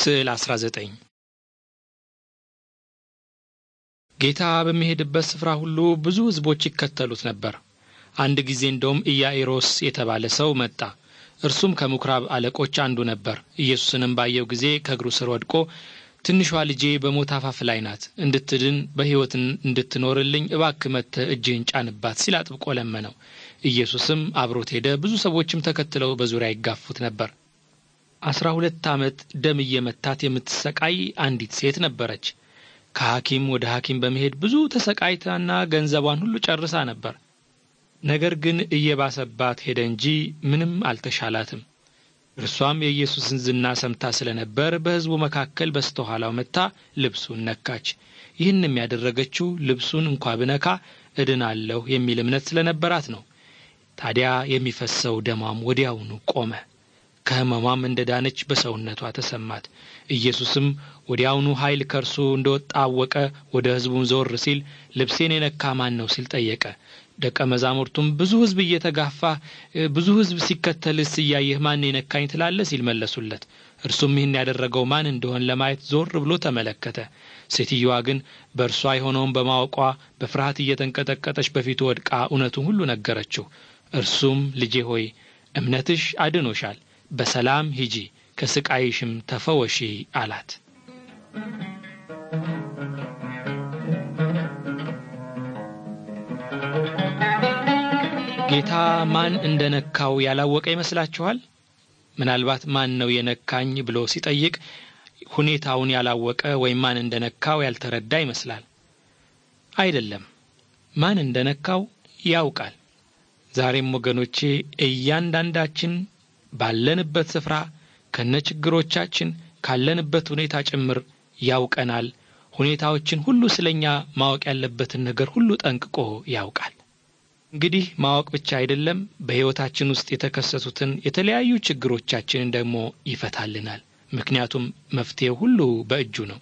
ስዕል 19 ጌታ በሚሄድበት ስፍራ ሁሉ ብዙ ሕዝቦች ይከተሉት ነበር። አንድ ጊዜ እንደውም ኢያኢሮስ የተባለ ሰው መጣ። እርሱም ከምኵራብ አለቆች አንዱ ነበር። ኢየሱስንም ባየው ጊዜ ከእግሩ ስር ወድቆ ትንሿ ልጄ በሞት አፋፍ ላይ ናት፣ እንድትድን በሕይወት እንድትኖርልኝ እባክ መጥተህ እጅህን ጫንባት ሲል አጥብቆ ለመነው። ኢየሱስም አብሮት ሄደ። ብዙ ሰዎችም ተከትለው በዙሪያ ይጋፉት ነበር። አስራ ሁለት ዓመት ደም እየመታት የምትሰቃይ አንዲት ሴት ነበረች። ከሐኪም ወደ ሐኪም በመሄድ ብዙ ተሰቃይታና ገንዘቧን ሁሉ ጨርሳ ነበር። ነገር ግን እየባሰባት ሄደ እንጂ ምንም አልተሻላትም። እርሷም የኢየሱስን ዝና ሰምታ ስለነበር በሕዝቡ መካከል በስተኋላው መታ ልብሱን ነካች። ይህንም ያደረገችው ልብሱን እንኳ ብነካ እድናለሁ የሚል እምነት ስለነበራት ነው። ታዲያ የሚፈሰው ደሟም ወዲያውኑ ቆመ። ከህመሟም እንደ ዳነች በሰውነቷ ተሰማት። ኢየሱስም ወዲያውኑ ኃይል ከእርሱ እንደ ወጣ አወቀ። ወደ ሕዝቡም ዘወር ሲል ልብሴን የነካ ማን ነው ሲል ጠየቀ። ደቀ መዛሙርቱም ብዙ ሕዝብ እየተጋፋ ብዙ ሕዝብ ሲከተልስ እያየህ ማን የነካኝ ትላለ ሲል መለሱለት። እርሱም ይህን ያደረገው ማን እንደሆን ለማየት ዞር ብሎ ተመለከተ። ሴትየዋ ግን በእርሷ የሆነውን በማወቋ በፍርሃት እየተንቀጠቀጠች በፊቱ ወድቃ እውነቱን ሁሉ ነገረችው። እርሱም ልጄ ሆይ እምነትሽ አድኖሻል በሰላም ሂጂ ከስቃይሽም ተፈወሺ አላት። ጌታ ማን እንደነካው ያላወቀ ይመስላችኋል? ምናልባት ማን ነው የነካኝ ብሎ ሲጠይቅ ሁኔታውን ያላወቀ ወይም ማን እንደነካው ያልተረዳ ይመስላል። አይደለም፣ ማን እንደነካው ያውቃል። ዛሬም ወገኖቼ እያንዳንዳችን ባለንበት ስፍራ ከነችግሮቻችን ካለንበት ሁኔታ ጭምር ያውቀናል። ሁኔታዎችን ሁሉ ስለኛ ማወቅ ያለበትን ነገር ሁሉ ጠንቅቆ ያውቃል። እንግዲህ ማወቅ ብቻ አይደለም፣ በሕይወታችን ውስጥ የተከሰቱትን የተለያዩ ችግሮቻችንን ደግሞ ይፈታልናል። ምክንያቱም መፍትሄ ሁሉ በእጁ ነው።